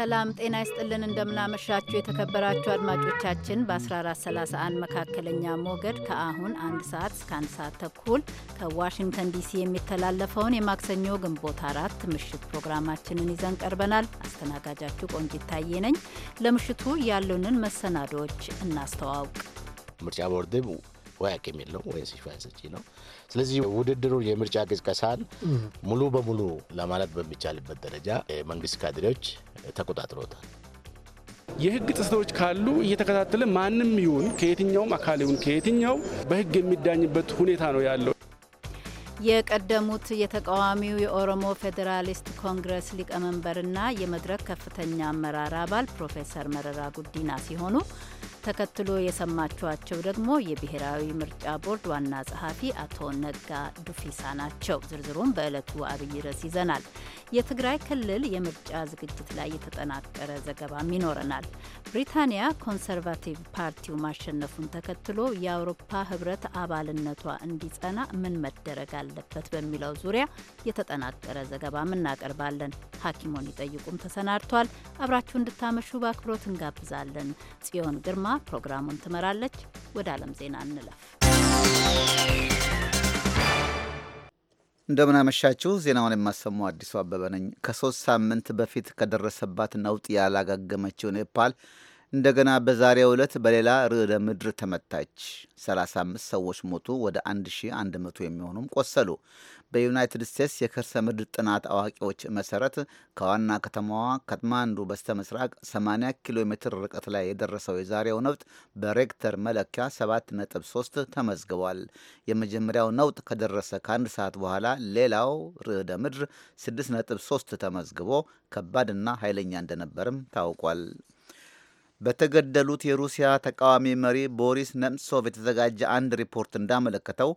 ሰላም ጤና ይስጥልን። እንደምናመሻችሁ የተከበራችሁ አድማጮቻችን በ1431 መካከለኛ ሞገድ ከአሁን አንድ ሰዓት እስከ አንድ ሰዓት ተኩል ከዋሽንግተን ዲሲ የሚተላለፈውን የማክሰኞ ግንቦት አራት ምሽት ፕሮግራማችንን ይዘን ቀርበናል። አስተናጋጃችሁ ቆንጂት ታዬ ነኝ። ለምሽቱ ያሉንን መሰናዶዎች እናስተዋውቅ። ምርጫ ቦርድ ወያቅ የሚለው ወይ ወይም ሰጪ ነው ስለዚህ ውድድሩ የምርጫ ቅስቀሳን ሙሉ በሙሉ ለማለት በሚቻልበት ደረጃ የመንግስት ካድሬዎች ተቆጣጥሮታል። የህግ ጥሰቶች ካሉ እየተከታተለ ማንም ይሁን ከየትኛውም አካል ይሁን ከየትኛው በህግ የሚዳኝበት ሁኔታ ነው ያለው። የቀደሙት የተቃዋሚው የኦሮሞ ፌዴራሊስት ኮንግረስ ሊቀመንበርና የመድረክ ከፍተኛ አመራር አባል ፕሮፌሰር መረራ ጉዲና ሲሆኑ ተከትሎ የሰማችኋቸው ደግሞ የብሔራዊ ምርጫ ቦርድ ዋና ጸሐፊ አቶ ነጋ ዱፊሳ ናቸው። ዝርዝሩም በዕለቱ አብይ ርዕስ ይዘናል። የትግራይ ክልል የምርጫ ዝግጅት ላይ የተጠናቀረ ዘገባም ይኖረናል። ብሪታንያ ኮንሰርቫቲቭ ፓርቲው ማሸነፉን ተከትሎ የአውሮፓ ህብረት አባልነቷ እንዲጸና ምን መደረግ አለበት በሚለው ዙሪያ የተጠናቀረ ዘገባም እናቀርባለን። ሐኪሞን ይጠይቁም ተሰናድቷል። አብራችሁ እንድታመሹ በአክብሮት እንጋብዛለን። ጽዮን ግርማ ግርማ ፕሮግራሙን ትመራለች። ወደ ዓለም ዜና እንለፍ። እንደምናመሻችሁ ዜናውን የማሰማው አዲሱ አበበ ነኝ። ከሶስት ሳምንት በፊት ከደረሰባት ነውጥ ያላጋገመችው ኔፓል እንደገና በዛሬው ዕለት በሌላ ርዕደ ምድር ተመታች። 35 ሰዎች ሞቱ፣ ወደ 1100 የሚሆኑም ቆሰሉ። በዩናይትድ ስቴትስ የከርሰ ምድር ጥናት አዋቂዎች መሰረት ከዋና ከተማዋ ካትማንዱ በስተ ምስራቅ 80 ኪሎ ሜትር ርቀት ላይ የደረሰው የዛሬው ነውጥ በሬክተር መለኪያ 7.3 ተመዝግቧል። የመጀመሪያው ነውጥ ከደረሰ ከአንድ ሰዓት በኋላ ሌላው ርዕደ ምድር 6.3 ተመዝግቦ ከባድና ኃይለኛ እንደነበርም ታውቋል። በተገደሉት የሩሲያ ተቃዋሚ መሪ ቦሪስ ነምሶቭ የተዘጋጀ አንድ ሪፖርት እንዳመለከተው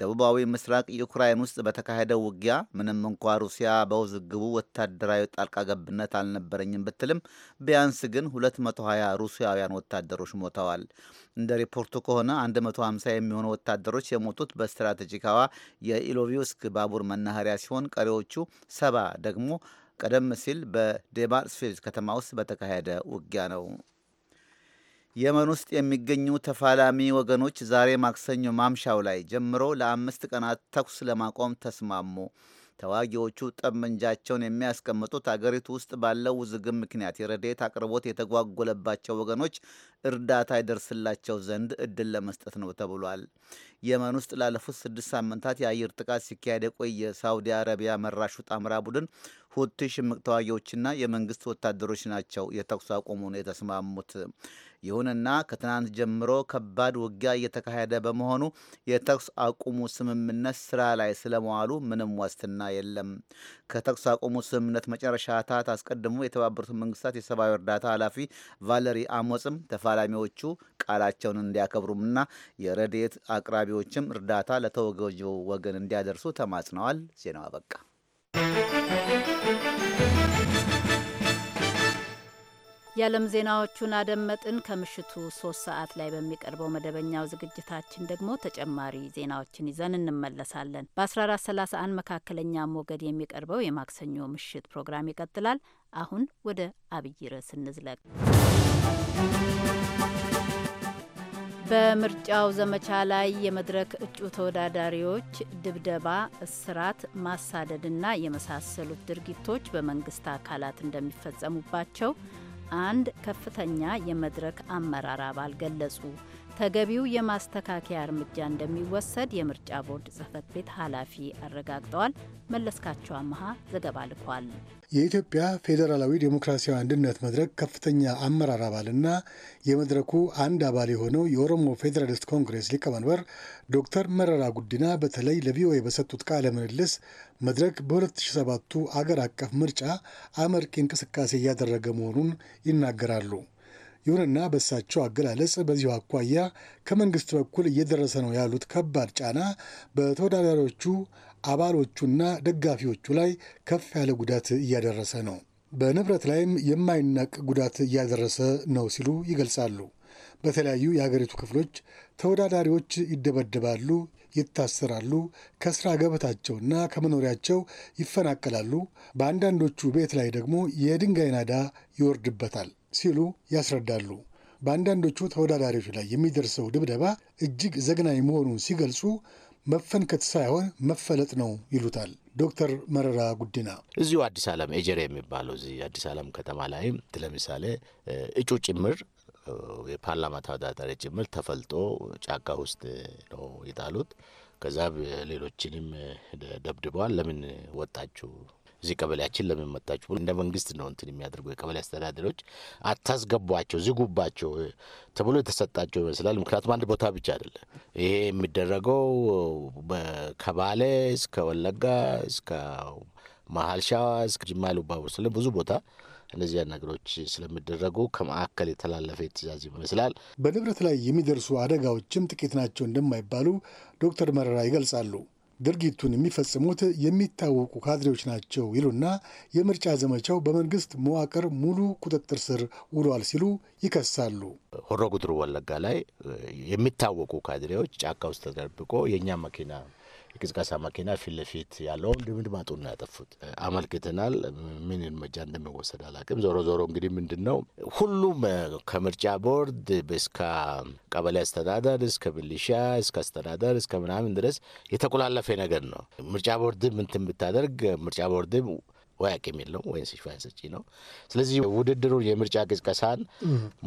ደቡባዊ ምስራቅ ዩክራይን ውስጥ በተካሄደው ውጊያ ምንም እንኳ ሩሲያ በውዝግቡ ወታደራዊ ጣልቃ ገብነት አልነበረኝም ብትልም ቢያንስ ግን 220 ሩሲያውያን ወታደሮች ሞተዋል። እንደ ሪፖርቱ ከሆነ 150 የሚሆኑ ወታደሮች የሞቱት በስትራቴጂካዋ የኢሎቪውስክ ባቡር መናኸሪያ ሲሆን ቀሪዎቹ ሰባ ደግሞ ቀደም ሲል በዴማርስፊልድ ከተማ ውስጥ በተካሄደ ውጊያ ነው። የመን ውስጥ የሚገኙ ተፋላሚ ወገኖች ዛሬ ማክሰኞ ማምሻው ላይ ጀምሮ ለአምስት ቀናት ተኩስ ለማቆም ተስማሙ። ተዋጊዎቹ ጠመንጃቸውን የሚያስቀምጡት አገሪቱ ውስጥ ባለው ውዝግብ ምክንያት የረድኤት አቅርቦት የተጓጎለባቸው ወገኖች እርዳታ ይደርስላቸው ዘንድ እድል ለመስጠት ነው ተብሏል። የመን ውስጥ ላለፉት ስድስት ሳምንታት የአየር ጥቃት ሲካሄድ የቆየ ሳውዲ አረቢያ መራሹ ጣምራ ቡድን ሁቲ ሽምቅ ተዋጊዎችና የመንግስት ወታደሮች ናቸው የተኩስ አቁሙን የተስማሙት። ይሁንና ከትናንት ጀምሮ ከባድ ውጊያ እየተካሄደ በመሆኑ የተኩስ አቁሙ ስምምነት ስራ ላይ ስለመዋሉ ምንም ዋስትና የለም። ከተኩስ አቁሙ ስምምነት መጨረሻ ታት አስቀድሞ የተባበሩት መንግስታት የሰብአዊ እርዳታ ኃላፊ ቫለሪ አሞጽም ተፋላሚዎቹ ቃላቸውን እንዲያከብሩምና የረድኤት አቅራቢዎችም እርዳታ ለተወገጀው ወገን እንዲያደርሱ ተማጽነዋል። ዜናው አበቃ። የዓለም ዜናዎቹን አደመጥን። ከምሽቱ ሶስት ሰዓት ላይ በሚቀርበው መደበኛው ዝግጅታችን ደግሞ ተጨማሪ ዜናዎችን ይዘን እንመለሳለን። በ1431 መካከለኛ ሞገድ የሚቀርበው የማክሰኞ ምሽት ፕሮግራም ይቀጥላል። አሁን ወደ አብይ ርዕስ እንዝለቅ። በምርጫው ዘመቻ ላይ የመድረክ እጩ ተወዳዳሪዎች ድብደባ፣ እስራት፣ ማሳደድና የመሳሰሉት ድርጊቶች በመንግስት አካላት እንደሚፈጸሙባቸው አንድ ከፍተኛ የመድረክ አመራር አባል ገለጹ። ተገቢው የማስተካከያ እርምጃ እንደሚወሰድ የምርጫ ቦርድ ጽህፈት ቤት ኃላፊ አረጋግጠዋል። መለስካቸው አመሃ ዘገባ ልኳል። የኢትዮጵያ ፌዴራላዊ ዴሞክራሲያዊ አንድነት መድረክ ከፍተኛ አመራር አባልና የመድረኩ አንድ አባል የሆነው የኦሮሞ ፌዴራሊስት ኮንግሬስ ሊቀመንበር ዶክተር መረራ ጉዲና በተለይ ለቪኦኤ በሰጡት ቃለ ምልልስ መድረክ በ2007ቱ አገር አቀፍ ምርጫ አመርቂ እንቅስቃሴ እያደረገ መሆኑን ይናገራሉ። ይሁንና በእሳቸው አገላለጽ በዚሁ አኳያ ከመንግስት በኩል እየደረሰ ነው ያሉት ከባድ ጫና በተወዳዳሪዎቹ አባሎቹና ደጋፊዎቹ ላይ ከፍ ያለ ጉዳት እያደረሰ ነው፣ በንብረት ላይም የማይናቅ ጉዳት እያደረሰ ነው ሲሉ ይገልጻሉ። በተለያዩ የሀገሪቱ ክፍሎች ተወዳዳሪዎች ይደበደባሉ፣ ይታሰራሉ፣ ከስራ ገበታቸውና ከመኖሪያቸው ይፈናቀላሉ። በአንዳንዶቹ ቤት ላይ ደግሞ የድንጋይ ናዳ ይወርድበታል። ሲሉ ያስረዳሉ። በአንዳንዶቹ ተወዳዳሪዎች ላይ የሚደርሰው ድብደባ እጅግ ዘግናኝ መሆኑን ሲገልጹ መፈንከት ሳይሆን መፈለጥ ነው ይሉታል። ዶክተር መረራ ጉዲና እዚሁ አዲስ ዓለም ኤጀሬ የሚባለው እዚህ አዲስ ዓለም ከተማ ላይ ለምሳሌ እጩ ጭምር የፓርላማ ተወዳዳሪ ጭምር ተፈልጦ ጫካ ውስጥ ነው የጣሉት። ከዛ ሌሎችንም ደብድበዋል። ለምን ወጣችሁ እዚህ ቀበሌያችን ለምን እንደ መንግስት ነው እንትን የሚያደርጉ የቀበሌ አስተዳደሮች አታስገቧቸው፣ ዝጉባቸው ተብሎ የተሰጣቸው ይመስላል። ምክንያቱም አንድ ቦታ ብቻ አይደለ ይሄ የሚደረገው፣ ከባሌ እስከ ወለጋ እስከ መሀል ሸዋ እስከ ጅማ ስለ ብዙ ቦታ እነዚያ ነገሮች ስለሚደረጉ ከማዕከል የተላለፈ ትእዛዝ ይመስላል። በንብረት ላይ የሚደርሱ አደጋዎችም ጥቂት ናቸው እንደማይባሉ ዶክተር መረራ ይገልጻሉ። ድርጊቱን የሚፈጽሙት የሚታወቁ ካድሬዎች ናቸው ይሉና የምርጫ ዘመቻው በመንግስት መዋቅር ሙሉ ቁጥጥር ስር ውሏል ሲሉ ይከሳሉ። ሆሮ ጉድሩ ወለጋ ላይ የሚታወቁ ካድሬዎች ጫካ ውስጥ ተደብቆ የእኛ መኪና የቅዝቃሴ መኪና ፊት ለፊት ያለውን ድምድማጡን ነው ያጠፉት። አመልክተናል። ምን እርምጃ እንደሚወሰድ አላቅም። ዞሮ ዞሮ እንግዲህ ምንድን ነው ሁሉም ከምርጫ ቦርድ እስከ ቀበሌ አስተዳደር እስከ ብልሻ እስከ አስተዳደር እስከ ምናምን ድረስ የተቆላለፈ ነገር ነው። ምርጫ ቦርድ ምንትን ብታደርግ ምርጫ ቦርድም ወይ አቅም የለውም ወይም ሽፋን ሰጪ ነው። ስለዚህ ውድድሩ የምርጫ ቅስቀሳን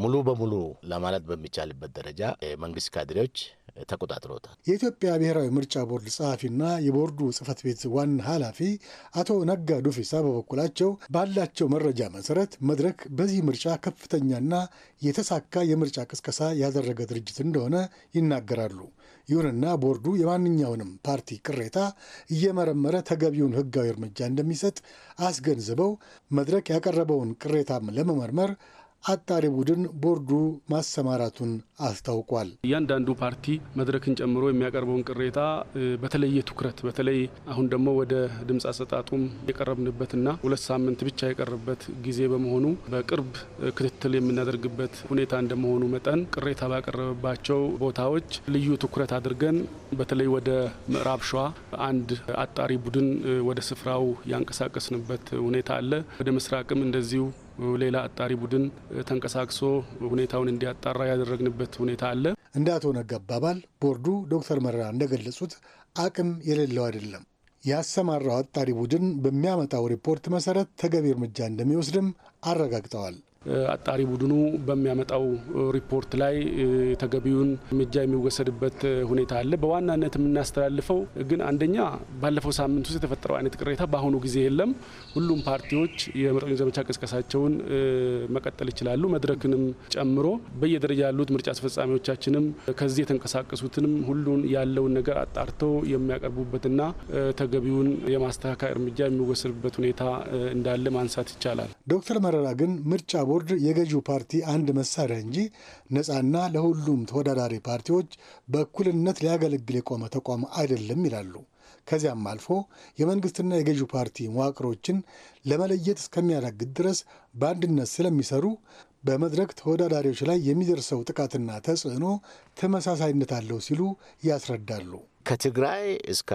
ሙሉ በሙሉ ለማለት በሚቻልበት ደረጃ የመንግስት ካድሬዎች ተቆጣጥሮታል። የኢትዮጵያ ብሔራዊ ምርጫ ቦርድ ጸሐፊና የቦርዱ ጽህፈት ቤት ዋና ኃላፊ አቶ ነጋ ዱፊሳ በበኩላቸው ባላቸው መረጃ መሰረት መድረክ በዚህ ምርጫ ከፍተኛና የተሳካ የምርጫ ቅስቀሳ ያደረገ ድርጅት እንደሆነ ይናገራሉ። ይሁንና ቦርዱ የማንኛውንም ፓርቲ ቅሬታ እየመረመረ ተገቢውን ሕጋዊ እርምጃ እንደሚሰጥ አስገንዝበው መድረክ ያቀረበውን ቅሬታም ለመመርመር አጣሪ ቡድን ቦርዱ ማሰማራቱን አስታውቋል። እያንዳንዱ ፓርቲ መድረክን ጨምሮ የሚያቀርበውን ቅሬታ በተለየ ትኩረት በተለይ አሁን ደግሞ ወደ ድምፅ አሰጣጡም የቀረብንበትና ሁለት ሳምንት ብቻ የቀረበት ጊዜ በመሆኑ በቅርብ ክትትል የምናደርግበት ሁኔታ እንደመሆኑ መጠን ቅሬታ ባቀረበባቸው ቦታዎች ልዩ ትኩረት አድርገን በተለይ ወደ ምዕራብ ሸዋ አንድ አጣሪ ቡድን ወደ ስፍራው ያንቀሳቀስንበት ሁኔታ አለ። ወደ ምስራቅም እንደዚሁ ሌላ አጣሪ ቡድን ተንቀሳቅሶ ሁኔታውን እንዲያጣራ ያደረግንበት ሁኔታ አለ። እንደ አቶ ነጋ አባባል ቦርዱ ዶክተር መረራ እንደገለጹት አቅም የሌለው አይደለም። ያሰማራው አጣሪ ቡድን በሚያመጣው ሪፖርት መሰረት ተገቢ እርምጃ እንደሚወስድም አረጋግጠዋል። አጣሪ ቡድኑ በሚያመጣው ሪፖርት ላይ ተገቢውን እርምጃ የሚወሰድበት ሁኔታ አለ። በዋናነት የምናስተላልፈው ግን አንደኛ ባለፈው ሳምንት ውስጥ የተፈጠረው አይነት ቅሬታ በአሁኑ ጊዜ የለም። ሁሉም ፓርቲዎች የምረጡኝ ዘመቻ ቅስቀሳቸውን መቀጠል ይችላሉ፣ መድረክንም ጨምሮ በየደረጃ ያሉት ምርጫ አስፈጻሚዎቻችንም ከዚህ የተንቀሳቀሱትንም ሁሉን ያለውን ነገር አጣርተው የሚያቀርቡበትና ተገቢውን የማስተካከያ እርምጃ የሚወሰድበት ሁኔታ እንዳለ ማንሳት ይቻላል። ዶክተር መረራ ግን ምርጫ ቦርድ የገዢው ፓርቲ አንድ መሳሪያ እንጂ ነፃና ለሁሉም ተወዳዳሪ ፓርቲዎች በእኩልነት ሊያገለግል የቆመ ተቋም አይደለም ይላሉ። ከዚያም አልፎ የመንግስትና የገዢው ፓርቲ መዋቅሮችን ለመለየት እስከሚያዳግት ድረስ በአንድነት ስለሚሰሩ በመድረክ ተወዳዳሪዎች ላይ የሚደርሰው ጥቃትና ተጽዕኖ ተመሳሳይነት አለው ሲሉ ያስረዳሉ። ከትግራይ እስከ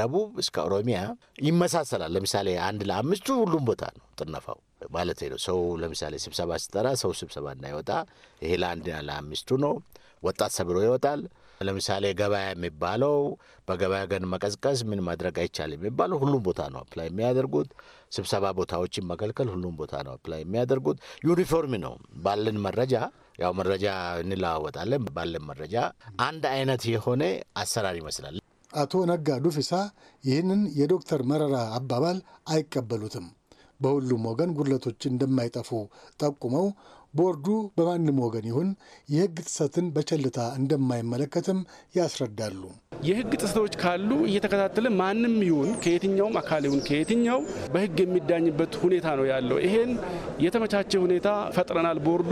ደቡብ እስከ ኦሮሚያ ይመሳሰላል። ለምሳሌ አንድ ለአምስቱ ሁሉም ቦታ ነው ጥነፋው ማለት ነው። ሰው ለምሳሌ ስብሰባ ስጠራ ሰው ስብሰባ እንዳይወጣ ይሄ ለአንድ ለአምስቱ ነው። ወጣት ሰብሮ ይወጣል። ለምሳሌ ገበያ የሚባለው በገበያ ገን መቀዝቀዝ ምን ማድረግ አይቻል የሚባለው ሁሉም ቦታ ነው አፕላይ የሚያደርጉት። ስብሰባ ቦታዎችን መከልከል ሁሉም ቦታ ነው አፕላይ የሚያደርጉት። ዩኒፎርም ነው ባለን መረጃ ያው መረጃ እንለዋወጣለን። ባለን መረጃ አንድ አይነት የሆነ አሰራር ይመስላል። አቶ ነጋ ዱፊሳ ይህንን የዶክተር መረራ አባባል አይቀበሉትም። በሁሉም ወገን ጉድለቶች እንደማይጠፉ ጠቁመው ቦርዱ በማንም ወገን ይሁን የህግ ጥሰትን በቸልታ እንደማይመለከትም ያስረዳሉ። የህግ ጥሰቶች ካሉ እየተከታተለ ማንም ይሁን ከየትኛውም አካል ይሁን ከየትኛው በህግ የሚዳኝበት ሁኔታ ነው ያለው። ይሄን የተመቻቸ ሁኔታ ፈጥረናል። ቦርዱ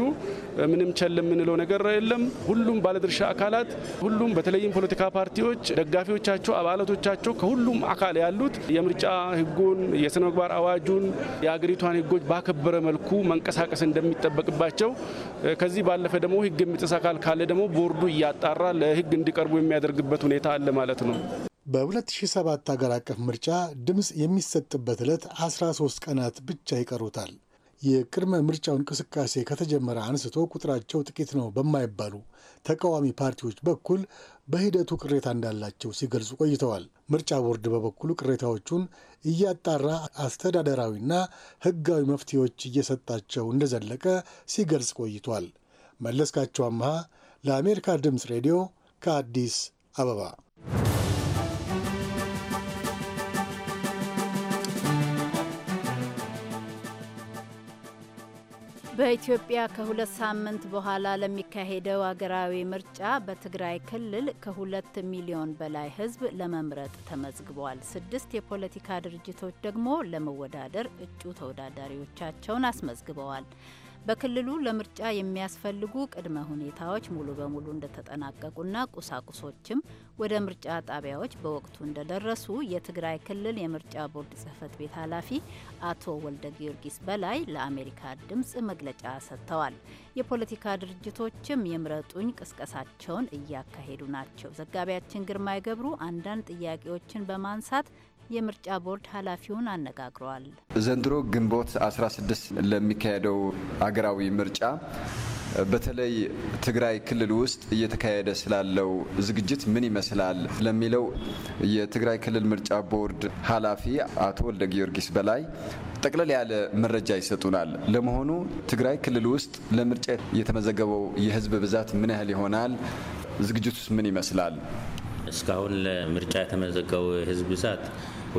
ምንም ቸል የምንለው ነገር የለም። ሁሉም ባለድርሻ አካላት፣ ሁሉም በተለይም ፖለቲካ ፓርቲዎች፣ ደጋፊዎቻቸው፣ አባላቶቻቸው ከሁሉም አካል ያሉት የምርጫ ህጉን የስነ ምግባር አዋጁን የአገሪቷን ህጎች ባከበረ መልኩ መንቀሳቀስ እንደሚጠበቅባቸው ያለባቸው። ከዚህ ባለፈ ደግሞ ህግ የሚጥስ አካል ካለ ደግሞ ቦርዱ እያጣራ ለህግ እንዲቀርቡ የሚያደርግበት ሁኔታ አለ ማለት ነው። በ2007 ሀገር አቀፍ ምርጫ ድምፅ የሚሰጥበት ዕለት 13 ቀናት ብቻ ይቀሩታል። የቅድመ ምርጫው እንቅስቃሴ ከተጀመረ አንስቶ ቁጥራቸው ጥቂት ነው በማይባሉ ተቃዋሚ ፓርቲዎች በኩል በሂደቱ ቅሬታ እንዳላቸው ሲገልጹ ቆይተዋል። ምርጫ ቦርድ በበኩሉ ቅሬታዎቹን እያጣራ አስተዳደራዊና ሕጋዊ መፍትሄዎች እየሰጣቸው እንደዘለቀ ሲገልጽ ቆይቷል። መለስካቸው አምሃ ለአሜሪካ ድምፅ ሬዲዮ ከአዲስ አበባ በኢትዮጵያ ከሁለት ሳምንት በኋላ ለሚካሄደው አገራዊ ምርጫ በትግራይ ክልል ከሁለት ሚሊዮን በላይ ሕዝብ ለመምረጥ ተመዝግቧል። ስድስት የፖለቲካ ድርጅቶች ደግሞ ለመወዳደር እጩ ተወዳዳሪዎቻቸውን አስመዝግበዋል። በክልሉ ለምርጫ የሚያስፈልጉ ቅድመ ሁኔታዎች ሙሉ በሙሉ እንደተጠናቀቁና ቁሳቁሶችም ወደ ምርጫ ጣቢያዎች በወቅቱ እንደደረሱ የትግራይ ክልል የምርጫ ቦርድ ጽህፈት ቤት ኃላፊ አቶ ወልደ ጊዮርጊስ በላይ ለአሜሪካ ድምፅ መግለጫ ሰጥተዋል። የፖለቲካ ድርጅቶችም የምረጡኝ ቅስቀሳቸውን እያካሄዱ ናቸው። ዘጋቢያችን ግርማይ ገብሩ አንዳንድ ጥያቄዎችን በማንሳት የምርጫ ቦርድ ኃላፊውን አነጋግረዋል። ዘንድሮ ግንቦት 16 ለሚካሄደው አገራዊ ምርጫ በተለይ ትግራይ ክልል ውስጥ እየተካሄደ ስላለው ዝግጅት ምን ይመስላል ለሚለው የትግራይ ክልል ምርጫ ቦርድ ኃላፊ አቶ ወልደ ጊዮርጊስ በላይ ጠቅለል ያለ መረጃ ይሰጡናል። ለመሆኑ ትግራይ ክልል ውስጥ ለምርጫ የተመዘገበው የህዝብ ብዛት ምን ያህል ይሆናል? ዝግጅቱስ ምን ይመስላል? እስካሁን ለምርጫ የተመዘገበው የህዝብ ብዛት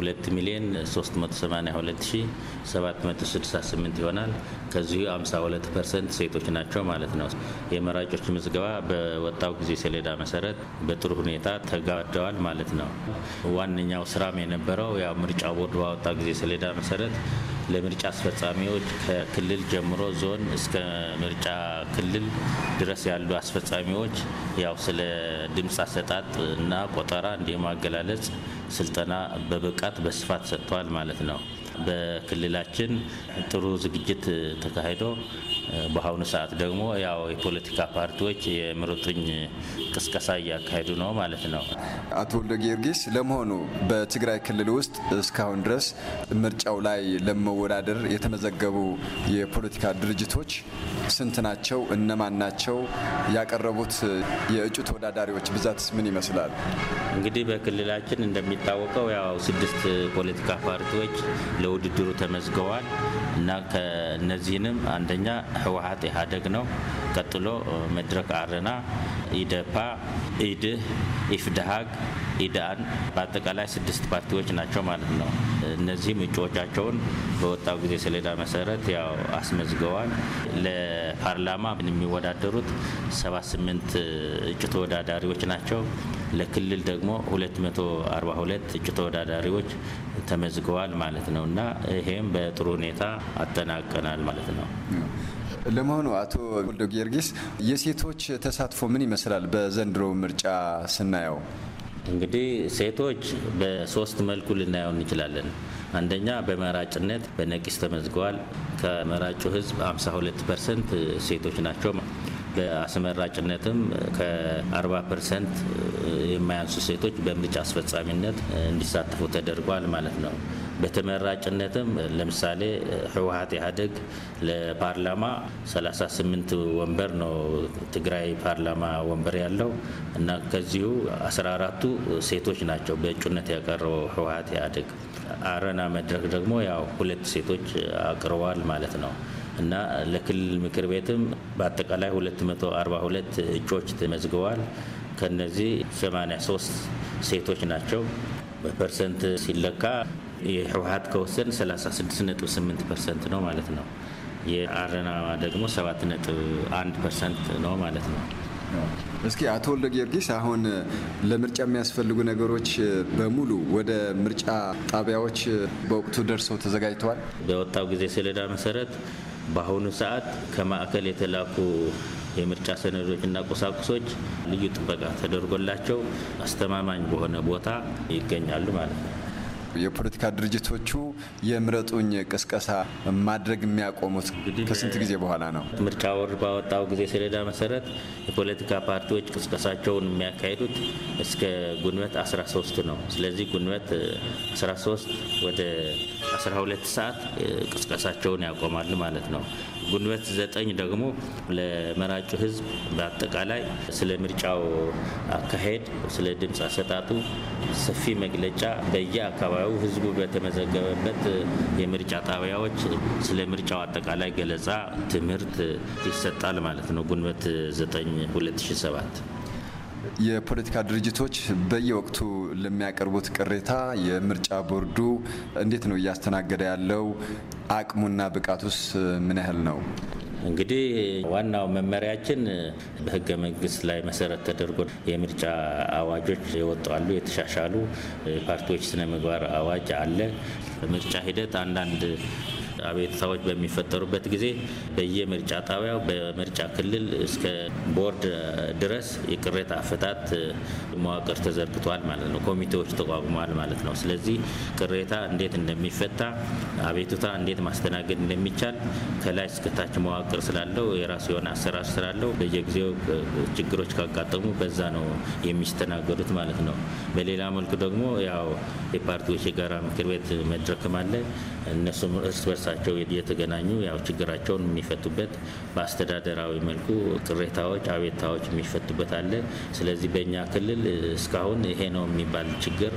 2 ሚሊዮን 382768 ይሆናል። ከዚሁ 52 ፐርሰንት ሴቶች ናቸው ማለት ነው። የመራጮች ምዝገባ በወጣው ጊዜ ሰሌዳ መሰረት በጥሩ ሁኔታ ተጋደዋል ማለት ነው። ዋነኛው ስራም የነበረው ያው ምርጫ ቦርድ ባወጣው ጊዜ ሰሌዳ መሰረት ለምርጫ አስፈጻሚዎች ከክልል ጀምሮ ዞን እስከ ምርጫ ክልል ድረስ ያሉ አስፈጻሚዎች ያው ስለ ድምፅ አሰጣጥ እና ቆጠራ እንዲሁም አገላለጽ ስልጠና በብቃት በስፋት ሰጥተዋል ማለት ነው። በክልላችን ጥሩ ዝግጅት ተካሂዶ በአሁኑ ሰዓት ደግሞ ያው የፖለቲካ ፓርቲዎች የምረጡኝ ቅስቀሳ እያካሄዱ ነው ማለት ነው። አቶ ወልደ ጊዮርጊስ፣ ለመሆኑ በትግራይ ክልል ውስጥ እስካሁን ድረስ ምርጫው ላይ ለመወዳደር የተመዘገቡ የፖለቲካ ድርጅቶች ስንት ናቸው? እነማን ናቸው? ያቀረቡት የእጩ ተወዳዳሪዎች ብዛትስ ምን ይመስላል? እንግዲህ በክልላችን እንደሚታወቀው ያው ስድስት ፖለቲካ ፓርቲዎች ለውድድሩ ተመዝገዋል እና ከነዚህንም አንደኛ ህወሀት ኢህአዴግ ነው። ቀጥሎ መድረክ አረና፣ ኢደፓ፣ ኢድህ፣ ኢፍድሃግ፣ ኢድአን በአጠቃላይ ስድስት ፓርቲዎች ናቸው ማለት ነው። እነዚህም እጩዎቻቸውን በወጣው ጊዜ ሰሌዳ መሰረት ያው አስመዝገዋል። ለፓርላማ የሚወዳደሩት ሰባ ስምንት እጩ ተወዳዳሪዎች ናቸው። ለክልል ደግሞ 242 እጩ ተወዳዳሪዎች ተመዝግበዋል ማለት ነው እና ይሄም በጥሩ ሁኔታ አጠናቀናል ማለት ነው። ለመሆኑ አቶ ወልደ ጊዮርጊስ የሴቶች ተሳትፎ ምን ይመስላል? በዘንድሮ ምርጫ ስናየው እንግዲህ ሴቶች በሶስት መልኩ ልናየው እንችላለን። አንደኛ በመራጭነት በነቂስ ተመዝገዋል። ከመራጩ ህዝብ 52 ፐርሰንት ሴቶች ናቸው። በአስመራጭነትም ከ40 ፐርሰንት የማያንሱ ሴቶች በምርጫ አስፈጻሚነት እንዲሳተፉ ተደርጓል ማለት ነው። በተመራጭነትም ለምሳሌ ህወሀት ኢህአዴግ ለፓርላማ 38 ወንበር ነው ትግራይ ፓርላማ ወንበር ያለው እና ከዚሁ 14ቱ ሴቶች ናቸው በእጩነት ያቀረበው ህወሀት ኢህአዴግ። አረና መድረክ ደግሞ ያው ሁለት ሴቶች አቅርበዋል ማለት ነው። እና ለክልል ምክር ቤትም በአጠቃላይ 242 እጩዎች ተመዝግበዋል። ከነዚህ 83 ሴቶች ናቸው። በፐርሰንት ሲለካ የህወሀት ከወሰን 36.8 ፐርሰንት ነው ማለት ነው። የአረና ደግሞ 7.1 ፐርሰንት ነው ማለት ነው። እስኪ አቶ ወልደ ጊዮርጊስ አሁን ለምርጫ የሚያስፈልጉ ነገሮች በሙሉ ወደ ምርጫ ጣቢያዎች በወቅቱ ደርሰው ተዘጋጅተዋል። በወጣው ጊዜ ሰሌዳ መሰረት በአሁኑ ሰዓት ከማዕከል የተላኩ የምርጫ እና ቁሳቁሶች ልዩ ጥበቃ ተደርጎላቸው አስተማማኝ በሆነ ቦታ ይገኛሉ ማለት ነው። የፖለቲካ ድርጅቶቹ የምረጡኝ ቅስቀሳ ማድረግ የሚያቆሙት ከስንት ጊዜ በኋላ ነው? ምርጫ ቦርድ ባወጣው ጊዜ ሰሌዳ መሰረት የፖለቲካ ፓርቲዎች ቅስቀሳቸውን የሚያካሂዱት እስከ ግንቦት 13 ነው። ስለዚህ ግንቦት 13 ወደ 12 ሰዓት ቅስቀሳቸውን ያቆማሉ ማለት ነው። ግንቦት ዘጠኝ ደግሞ ለመራጩ ህዝብ በአጠቃላይ ስለ ምርጫው አካሄድ፣ ስለ ድምፅ አሰጣጡ ሰፊ መግለጫ በየአካባቢው ህዝቡ በተመዘገበበት የምርጫ ጣቢያዎች ስለ ምርጫው አጠቃላይ ገለጻ ትምህርት ይሰጣል ማለት ነው። ግንቦት 9 2007 የፖለቲካ ድርጅቶች በየወቅቱ ለሚያቀርቡት ቅሬታ የምርጫ ቦርዱ እንዴት ነው እያስተናገደ ያለው? አቅሙና ብቃቱስ ምን ያህል ነው? እንግዲህ ዋናው መመሪያችን በህገ መንግስት ላይ መሰረት ተደርጎ የምርጫ አዋጆች የወጣሉ፣ የተሻሻሉ የፓርቲዎች ስነ ምግባር አዋጅ አለ። በምርጫ ሂደት አንዳንድ አቤቱታዎች በሚፈጠሩበት ጊዜ በየምርጫ ጣቢያው በምርጫ ክልል እስከ ቦርድ ድረስ የቅሬታ አፈታት መዋቅር ተዘርግቷል ማለት ነው። ኮሚቴዎች ተቋቁሟል ማለት ነው። ስለዚህ ቅሬታ እንዴት እንደሚፈታ አቤቱታ እንዴት ማስተናገድ እንደሚቻል ከላይ እስከታች መዋቅር ስላለው የራሱ የሆነ አሰራር ስላለው በየጊዜው ችግሮች ካጋጠሙ በዛ ነው የሚስተናገዱት ማለት ነው። በሌላ መልኩ ደግሞ ያው የፓርቲዎች የጋራ ምክር ቤት መድረክም አለ። እነሱም እርስ በርስ እርሳቸው የተገናኙ ያው ችግራቸውን የሚፈቱበት በአስተዳደራዊ መልኩ ቅሬታዎች፣ አቤታዎች የሚፈቱበት አለ። ስለዚህ በእኛ ክልል እስካሁን ይሄ ነው የሚባል ችግር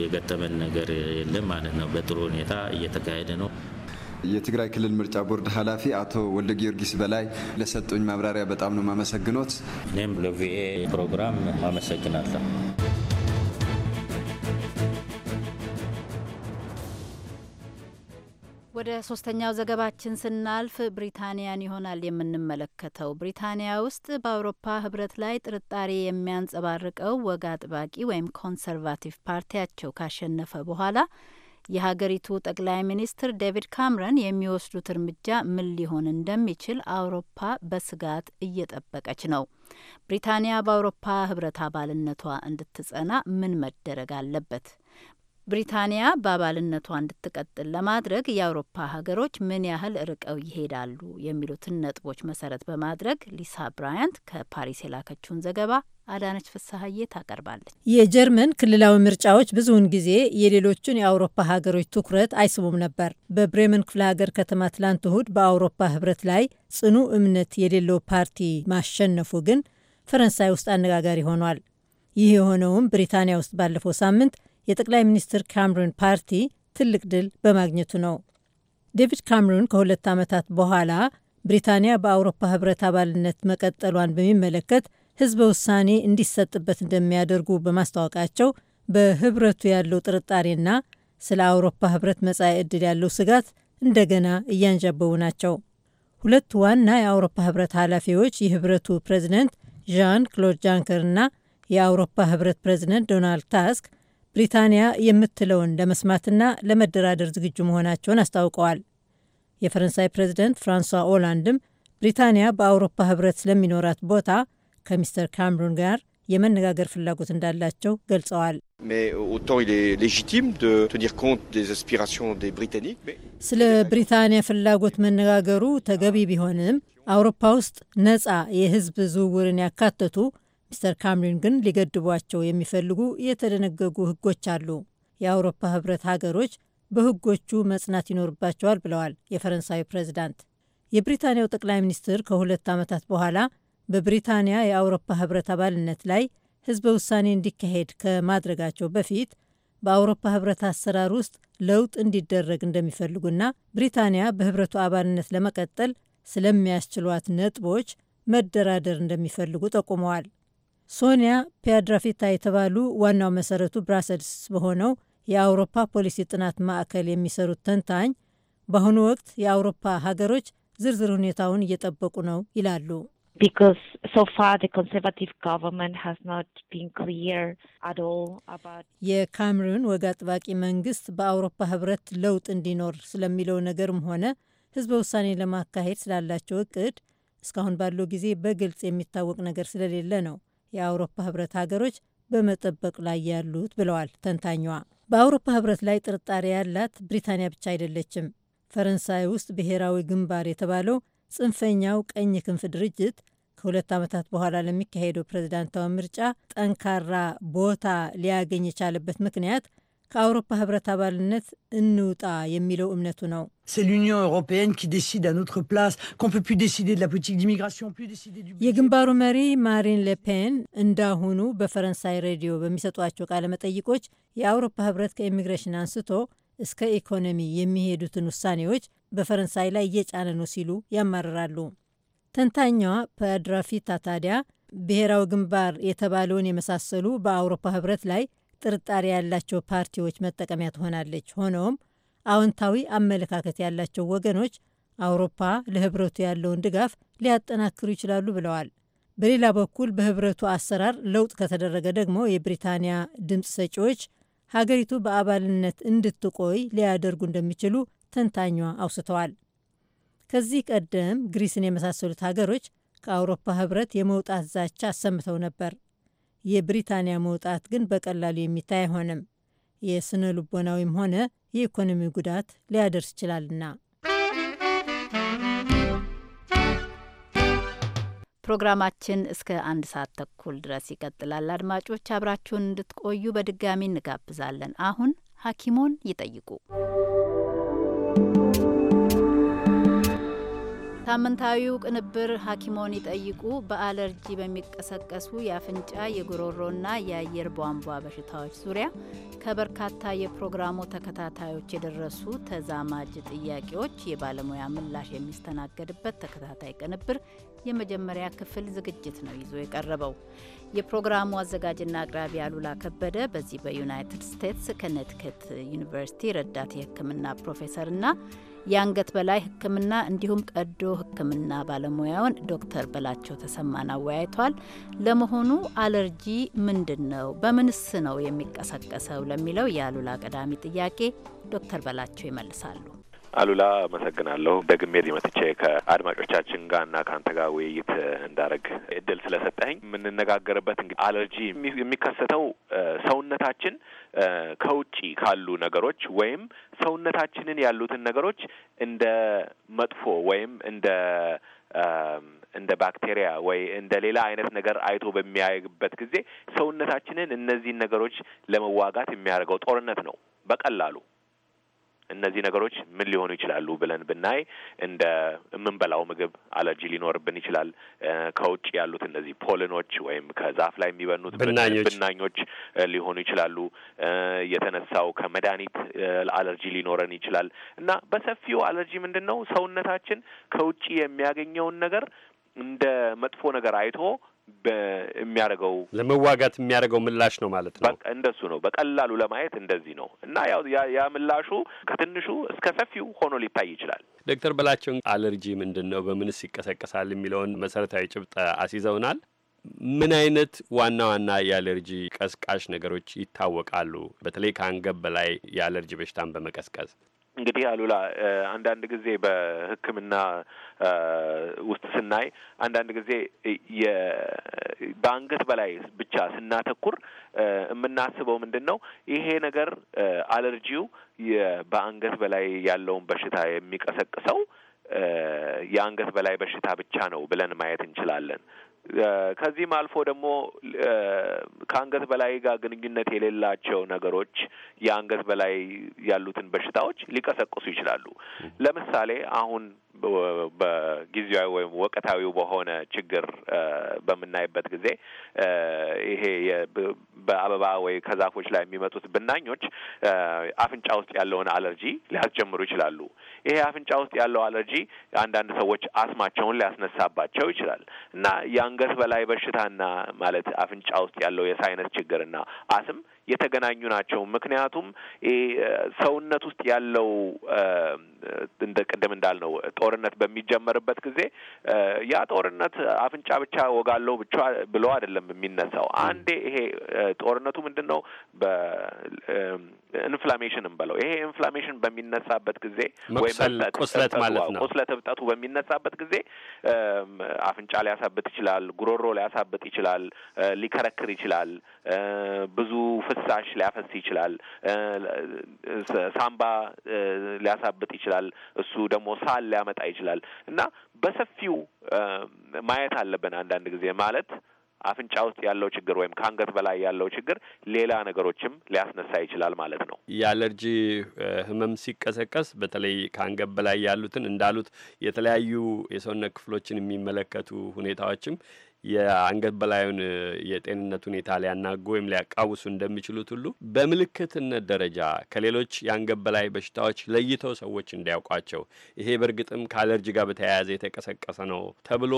የገጠመን ነገር የለም ማለት ነው። በጥሩ ሁኔታ እየተካሄደ ነው። የትግራይ ክልል ምርጫ ቦርድ ኃላፊ አቶ ወልደ ጊዮርጊስ በላይ ለሰጡኝ ማብራሪያ በጣም ነው ማመሰግኖት። እኔም ለቪኤ ፕሮግራም አመሰግናለሁ። ወደ ሶስተኛው ዘገባችን ስናልፍ ብሪታንያን ይሆናል የምንመለከተው። ብሪታንያ ውስጥ በአውሮፓ ህብረት ላይ ጥርጣሬ የሚያንጸባርቀው ወግ አጥባቂ ወይም ኮንሰርቫቲቭ ፓርቲያቸው ካሸነፈ በኋላ የሀገሪቱ ጠቅላይ ሚኒስትር ዴቪድ ካምረን የሚወስዱት እርምጃ ምን ሊሆን እንደሚችል አውሮፓ በስጋት እየጠበቀች ነው። ብሪታንያ በአውሮፓ ህብረት አባልነቷ እንድትጸና ምን መደረግ አለበት? ብሪታንያ በአባልነቷ እንድትቀጥል ለማድረግ የአውሮፓ ሀገሮች ምን ያህል ርቀው ይሄዳሉ የሚሉትን ነጥቦች መሰረት በማድረግ ሊሳ ብራያንት ከፓሪስ የላከችውን ዘገባ አዳነች ፍሳሀዬ ታቀርባለች። የጀርመን ክልላዊ ምርጫዎች ብዙውን ጊዜ የሌሎቹን የአውሮፓ ሀገሮች ትኩረት አይስቡም ነበር። በብሬመን ክፍለ ሀገር ከተማ ትላንት እሁድ በአውሮፓ ህብረት ላይ ጽኑ እምነት የሌለው ፓርቲ ማሸነፉ ግን ፈረንሳይ ውስጥ አነጋጋሪ ሆኗል። ይህ የሆነውም ብሪታንያ ውስጥ ባለፈው ሳምንት የጠቅላይ ሚኒስትር ካምሩን ፓርቲ ትልቅ ድል በማግኘቱ ነው። ዴቪድ ካምሩን ከሁለት ዓመታት በኋላ ብሪታንያ በአውሮፓ ህብረት አባልነት መቀጠሏን በሚመለከት ህዝበ ውሳኔ እንዲሰጥበት እንደሚያደርጉ በማስታወቃቸው በህብረቱ ያለው ጥርጣሬና ስለ አውሮፓ ህብረት መጻኢ ዕድል ያለው ስጋት እንደገና እያንዣበቡ ናቸው። ሁለት ዋና የአውሮፓ ህብረት ኃላፊዎች የህብረቱ ፕሬዚደንት ዣን ክሎድ ጃንከርና የአውሮፓ ህብረት ፕሬዚደንት ዶናልድ ታስክ ብሪታንያ የምትለውን ለመስማትና ለመደራደር ዝግጁ መሆናቸውን አስታውቀዋል። የፈረንሳይ ፕሬዚደንት ፍራንሷ ኦላንድም ብሪታንያ በአውሮፓ ህብረት ስለሚኖራት ቦታ ከሚስተር ካምሩን ጋር የመነጋገር ፍላጎት እንዳላቸው ገልጸዋል። ስለ ብሪታንያ ፍላጎት መነጋገሩ ተገቢ ቢሆንም አውሮፓ ውስጥ ነፃ የህዝብ ዝውውርን ያካተቱ ሚስተር ካምሪን ግን ሊገድቧቸው የሚፈልጉ የተደነገጉ ህጎች አሉ። የአውሮፓ ህብረት ሀገሮች በህጎቹ መጽናት ይኖርባቸዋል ብለዋል የፈረንሳዊ ፕሬዚዳንት። የብሪታንያው ጠቅላይ ሚኒስትር ከሁለት ዓመታት በኋላ በብሪታንያ የአውሮፓ ህብረት አባልነት ላይ ህዝበ ውሳኔ እንዲካሄድ ከማድረጋቸው በፊት በአውሮፓ ህብረት አሰራር ውስጥ ለውጥ እንዲደረግ እንደሚፈልጉና ብሪታንያ በህብረቱ አባልነት ለመቀጠል ስለሚያስችሏት ነጥቦች መደራደር እንደሚፈልጉ ጠቁመዋል። ሶኒያ ፒያድራፊታ የተባሉ ዋናው መሰረቱ ብራሰልስ በሆነው የአውሮፓ ፖሊሲ ጥናት ማዕከል የሚሰሩት ተንታኝ በአሁኑ ወቅት የአውሮፓ ሀገሮች ዝርዝር ሁኔታውን እየጠበቁ ነው ይላሉ። የካምሩን ወግ አጥባቂ መንግስት በአውሮፓ ህብረት ለውጥ እንዲኖር ስለሚለው ነገርም ሆነ ህዝበ ውሳኔ ለማካሄድ ስላላቸው እቅድ እስካሁን ባለው ጊዜ በግልጽ የሚታወቅ ነገር ስለሌለ ነው የአውሮፓ ህብረት ሀገሮች በመጠበቅ ላይ ያሉት ብለዋል ተንታኟ። በአውሮፓ ህብረት ላይ ጥርጣሬ ያላት ብሪታንያ ብቻ አይደለችም። ፈረንሳይ ውስጥ ብሔራዊ ግንባር የተባለው ጽንፈኛው ቀኝ ክንፍ ድርጅት ከሁለት ዓመታት በኋላ ለሚካሄደው ፕሬዝዳንታዊ ምርጫ ጠንካራ ቦታ ሊያገኝ የቻለበት ምክንያት ከአውሮፓ ህብረት አባልነት እንውጣ የሚለው እምነቱ ነው። የግንባሩ መሪ ማሪን ሌፔን እንዳሁኑ በፈረንሳይ ሬዲዮ በሚሰጧቸው ቃለ መጠይቆች የአውሮፓ ህብረት ከኢሚግሬሽን አንስቶ እስከ ኢኮኖሚ የሚሄዱትን ውሳኔዎች በፈረንሳይ ላይ እየጫነ ነው ሲሉ ያማርራሉ። ተንታኛዋ ፓድራፊታ ታዲያ ብሔራዊ ግንባር የተባለውን የመሳሰሉ በአውሮፓ ህብረት ላይ ጥርጣሬ ያላቸው ፓርቲዎች መጠቀሚያ ትሆናለች። ሆኖም አዎንታዊ አመለካከት ያላቸው ወገኖች አውሮፓ ለህብረቱ ያለውን ድጋፍ ሊያጠናክሩ ይችላሉ ብለዋል። በሌላ በኩል በህብረቱ አሰራር ለውጥ ከተደረገ ደግሞ የብሪታንያ ድምፅ ሰጪዎች ሀገሪቱ በአባልነት እንድትቆይ ሊያደርጉ እንደሚችሉ ተንታኟ አውስተዋል። ከዚህ ቀደም ግሪስን የመሳሰሉት ሀገሮች ከአውሮፓ ህብረት የመውጣት ዛቻ አሰምተው ነበር። የብሪታንያ መውጣት ግን በቀላሉ የሚታይ አይሆንም፣ የስነ ልቦናዊም ሆነ የኢኮኖሚ ጉዳት ሊያደርስ ይችላልና። ፕሮግራማችን እስከ አንድ ሰዓት ተኩል ድረስ ይቀጥላል። አድማጮች አብራችሁን እንድትቆዩ በድጋሚ እንጋብዛለን። አሁን ሐኪሞን ይጠይቁ ሳምንታዊው ቅንብር ሐኪሞን ይጠይቁ በአለርጂ በሚቀሰቀሱ የአፍንጫ የጉሮሮና የአየር ቧንቧ በሽታዎች ዙሪያ ከበርካታ የፕሮግራሙ ተከታታዮች የደረሱ ተዛማጅ ጥያቄዎች የባለሙያ ምላሽ የሚስተናገድበት ተከታታይ ቅንብር የመጀመሪያ ክፍል ዝግጅት ነው ይዞ የቀረበው። የፕሮግራሙ አዘጋጅና አቅራቢ አሉላ ከበደ በዚህ በዩናይትድ ስቴትስ ከኔቲከት ዩኒቨርሲቲ ረዳት የሕክምና ፕሮፌሰርና የአንገት በላይ ሕክምና እንዲሁም ቀዶ ሕክምና ባለሙያውን ዶክተር በላቸው ተሰማን አወያይቷል። ለመሆኑ አለርጂ ምንድን ነው? በምንስ ነው የሚቀሰቀሰው? ለሚለው የአሉላ ቀዳሚ ጥያቄ ዶክተር በላቸው ይመልሳሉ። አሉላ አመሰግናለሁ። ደግሜ መጥቼ ከአድማጮቻችን ጋር እና ከአንተ ጋር ውይይት እንዳደረግ እድል ስለሰጠኝ የምንነጋገርበት እንግዲህ አለርጂ የሚከሰተው ሰውነታችን ከውጪ ካሉ ነገሮች ወይም ሰውነታችንን ያሉትን ነገሮች እንደ መጥፎ ወይም እንደ እንደ ባክቴሪያ ወይ እንደ ሌላ አይነት ነገር አይቶ በሚያይበት ጊዜ ሰውነታችንን እነዚህን ነገሮች ለመዋጋት የሚያደርገው ጦርነት ነው በቀላሉ እነዚህ ነገሮች ምን ሊሆኑ ይችላሉ ብለን ብናይ እንደ የምንበላው ምግብ አለርጂ ሊኖርብን ይችላል። ከውጭ ያሉት እነዚህ ፖልኖች ወይም ከዛፍ ላይ የሚበኑት ብናኞች ሊሆኑ ይችላሉ። የተነሳው ከመድኃኒት አለርጂ ሊኖረን ይችላል እና በሰፊው አለርጂ ምንድን ነው ሰውነታችን ከውጭ የሚያገኘውን ነገር እንደ መጥፎ ነገር አይቶ የሚያደርገው ለመዋጋት የሚያደርገው ምላሽ ነው ማለት ነው። እንደሱ ነው በቀላሉ ለማየት እንደዚህ ነው እና ያው ያ ምላሹ ከትንሹ እስከ ሰፊው ሆኖ ሊታይ ይችላል። ዶክተር በላቸው አለርጂ ምንድን ነው፣ በምንስ ይቀሰቀሳል የሚለውን መሰረታዊ ጭብጥ አስይዘውናል። ምን አይነት ዋና ዋና የአለርጂ ቀስቃሽ ነገሮች ይታወቃሉ? በተለይ ከአንገብ በላይ የአለርጂ በሽታን በመቀስቀስ እንግዲህ አሉላ አንዳንድ ጊዜ በሕክምና ውስጥ ስናይ አንዳንድ ጊዜ በአንገት በላይ ብቻ ስናተኩር የምናስበው ምንድን ነው ይሄ ነገር አለርጂው በአንገት በላይ ያለውን በሽታ የሚቀሰቅሰው የአንገት በላይ በሽታ ብቻ ነው ብለን ማየት እንችላለን። ከዚህም አልፎ ደግሞ ከአንገት በላይ ጋር ግንኙነት የሌላቸው ነገሮች የአንገት በላይ ያሉትን በሽታዎች ሊቀሰቅሱ ይችላሉ። ለምሳሌ አሁን በጊዜያዊ ወይም ወቅታዊ በሆነ ችግር በምናይበት ጊዜ ይሄ በአበባ ወይ ከዛፎች ላይ የሚመጡት ብናኞች አፍንጫ ውስጥ ያለውን አለርጂ ሊያስጀምሩ ይችላሉ። ይሄ አፍንጫ ውስጥ ያለው አለርጂ አንዳንድ ሰዎች አስማቸውን ሊያስነሳባቸው ይችላል እና የአንገት በላይ በሽታና ማለት አፍንጫ ውስጥ ያለው የሳይነስ ችግርና አስም የተገናኙ ናቸው። ምክንያቱም ሰውነት ውስጥ ያለው እንደ ቅድም እንዳልነው ጦርነት በሚጀመርበት ጊዜ ያ ጦርነት አፍንጫ ብቻ ወጋለሁ ብቻ ብሎ አይደለም የሚነሳው። አንዴ ይሄ ጦርነቱ ምንድን ነው በኢንፍላሜሽን እንበለው ይሄ ኢንፍላሜሽን በሚነሳበት ጊዜ ወይም ቁስለት ማለት ነው ቁስለት እብጠቱ በሚነሳበት ጊዜ አፍንጫ ሊያሳብጥ ይችላል፣ ጉሮሮ ሊያሳብጥ ይችላል፣ ሊከረክር ይችላል፣ ብዙ ፍሳሽ ሊያፈስ ይችላል። ሳምባ ሊያሳብጥ ይችላል። እሱ ደግሞ ሳል ሊያመጣ ይችላል እና በሰፊው ማየት አለብን። አንዳንድ ጊዜ ማለት አፍንጫ ውስጥ ያለው ችግር ወይም ከአንገት በላይ ያለው ችግር ሌላ ነገሮችም ሊያስነሳ ይችላል ማለት ነው። የአለርጂ ህመም ሲቀሰቀስ በተለይ ከአንገት በላይ ያሉትን እንዳሉት የተለያዩ የሰውነት ክፍሎችን የሚመለከቱ ሁኔታዎችም የአንገት በላዩን የጤንነት ሁኔታ ሊያናጉ ወይም ሊያቃውሱ እንደሚችሉት ሁሉ በምልክትነት ደረጃ ከሌሎች የአንገት በላይ በሽታዎች ለይተው ሰዎች እንዲያውቋቸው ይሄ በእርግጥም ከአለርጂ ጋር በተያያዘ የተቀሰቀሰ ነው ተብሎ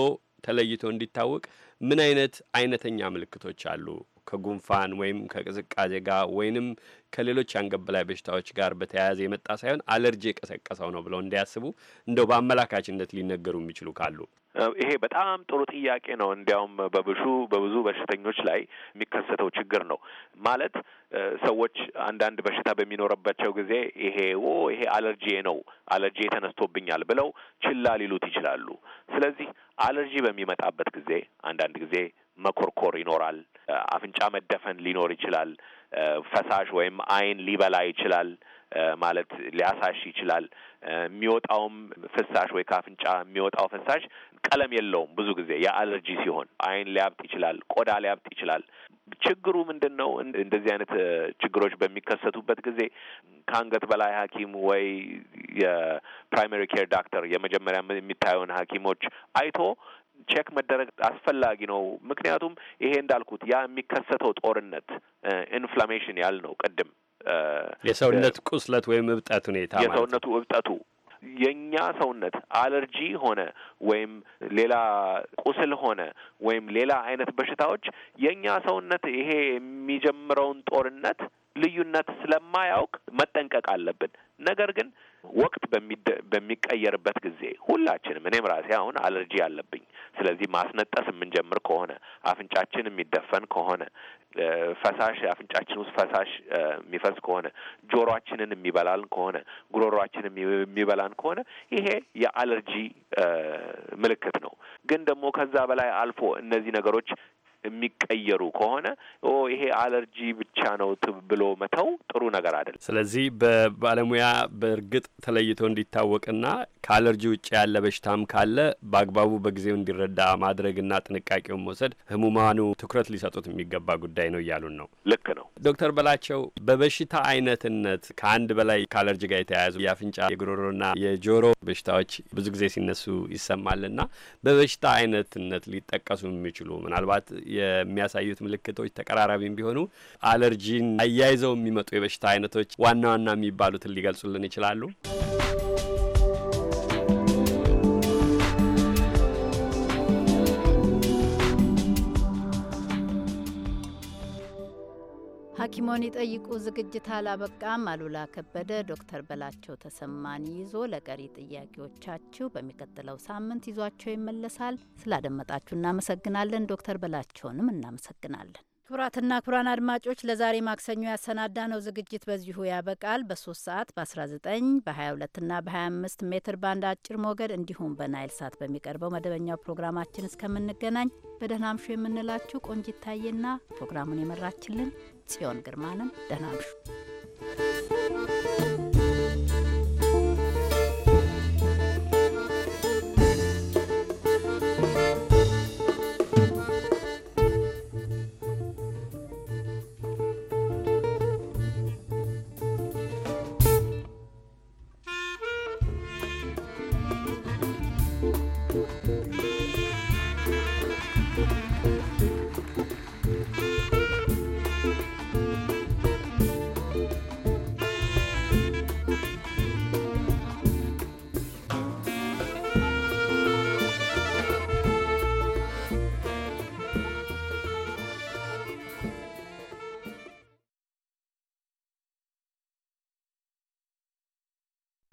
ተለይቶ እንዲታወቅ ምን አይነት አይነተኛ ምልክቶች አሉ? ከጉንፋን ወይም ከቅዝቃዜ ጋር ወይንም ከሌሎች አንገት ላይ በሽታዎች ጋር በተያያዘ የመጣ ሳይሆን አለርጂ የቀሰቀሰው ነው ብለው እንዲያስቡ እንደው በአመላካችነት ሊነገሩ የሚችሉ ካሉ። ይሄ በጣም ጥሩ ጥያቄ ነው። እንዲያውም በብዙ በብዙ በሽተኞች ላይ የሚከሰተው ችግር ነው ማለት ሰዎች አንዳንድ በሽታ በሚኖርባቸው ጊዜ ይሄ ኦ ይሄ አለርጂ ነው አለርጂ ተነስቶብኛል ብለው ችላ ሊሉት ይችላሉ። ስለዚህ አለርጂ በሚመጣበት ጊዜ አንዳንድ ጊዜ መኮርኮር ይኖራል፣ አፍንጫ መደፈን ሊኖር ይችላል። ፈሳሽ ወይም አይን ሊበላ ይችላል ማለት ሊያሳሽ ይችላል። የሚወጣውም ፍሳሽ ወይ ከአፍንጫ የሚወጣው ፍሳሽ ቀለም የለውም። ብዙ ጊዜ የአለርጂ ሲሆን አይን ሊያብጥ ይችላል፣ ቆዳ ሊያብጥ ይችላል። ችግሩ ምንድን ነው? እንደዚህ አይነት ችግሮች በሚከሰቱበት ጊዜ ከአንገት በላይ ሐኪም ወይ የፕራይማሪ ኬር ዳክተር የመጀመሪያ የሚታየውን ሐኪሞች አይቶ ቼክ መደረግ አስፈላጊ ነው። ምክንያቱም ይሄ እንዳልኩት ያ የሚከሰተው ጦርነት ኢንፍላሜሽን ያል ነው ቅድም የሰውነት ቁስለት ወይም እብጠት ሁኔታ የሰውነቱ እብጠቱ የእኛ ሰውነት አለርጂ ሆነ ወይም ሌላ ቁስል ሆነ ወይም ሌላ አይነት በሽታዎች የእኛ ሰውነት ይሄ የሚጀምረውን ጦርነት ልዩነት ስለማያውቅ መጠንቀቅ አለብን። ነገር ግን ወቅት በሚቀየርበት ጊዜ ሁላችንም እኔም ራሴ አሁን አለርጂ አለብኝ። ስለዚህ ማስነጠስ የምንጀምር ከሆነ አፍንጫችን የሚደፈን ከሆነ ፈሳሽ አፍንጫችን ውስጥ ፈሳሽ የሚፈስ ከሆነ ጆሮአችንን የሚበላን ከሆነ ጉሮሯችንን የሚበላን ከሆነ ይሄ የአለርጂ ምልክት ነው። ግን ደግሞ ከዛ በላይ አልፎ እነዚህ ነገሮች የሚቀየሩ ከሆነ ኦ ይሄ አለርጂ ብቻ ነው ብሎ መተው ጥሩ ነገር አይደለም። ስለዚህ በባለሙያ በእርግጥ ተለይቶ እንዲታወቅና ከአለርጂ ውጭ ያለ በሽታም ካለ በአግባቡ በጊዜው እንዲረዳ ማድረግና ጥንቃቄውን መውሰድ ህሙማኑ ትኩረት ሊሰጡት የሚገባ ጉዳይ ነው እያሉን ነው። ልክ ነው ዶክተር በላቸው። በበሽታ አይነትነት ከአንድ በላይ ከአለርጂ ጋር የተያያዙ የአፍንጫ የጉሮሮና የጆሮ በሽታዎች ብዙ ጊዜ ሲነሱ ይሰማልና በበሽታ አይነትነት ሊጠቀሱ የሚችሉ ምናልባት የሚያሳዩት ምልክቶች ተቀራራቢም ቢሆኑ አለርጂን አያይዘው የሚመጡ የበሽታ አይነቶች ዋና ዋና የሚባሉትን ሊገልጹልን ይችላሉ? ሐኪሞን ይጠይቁ ዝግጅት አላበቃም። አሉላ ከበደ ዶክተር በላቸው ተሰማን ይዞ ለቀሪ ጥያቄዎቻችሁ በሚቀጥለው ሳምንት ይዟቸው ይመለሳል። ስላደመጣችሁ እናመሰግናለን። ዶክተር በላቸውንም እናመሰግናለን። ክቡራትና ክቡራን አድማጮች ለዛሬ ማክሰኞ ያሰናዳ ነው ዝግጅት በዚሁ ያበቃል። በሶስት ሰዓት በ19 በ22ና በ25 ሜትር ባንድ አጭር ሞገድ እንዲሁም በናይል ሳት በሚቀርበው መደበኛው ፕሮግራማችን እስከምንገናኝ በደህና ምሹ የምንላችሁ ቆንጂት ታዬና ፕሮግራሙን የመራችልን ጽዮን ግርማንም ደህና